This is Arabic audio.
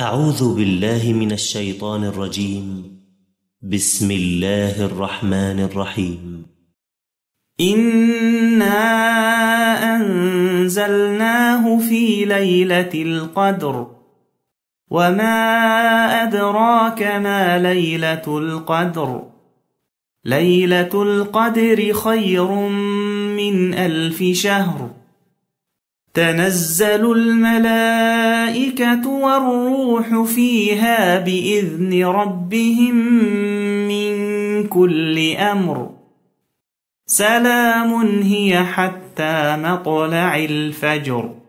أعوذ بالله من الشيطان الرجيم بسم الله الرحمن الرحيم إنا أنزلناه في ليلة القدر وما أدراك ما ليلة القدر ليلة القدر خير من ألف شهر تنزل الملائكة الملائكة والروح فيها بإذن ربهم من كل أمر سلام هي حتى مطلع الفجر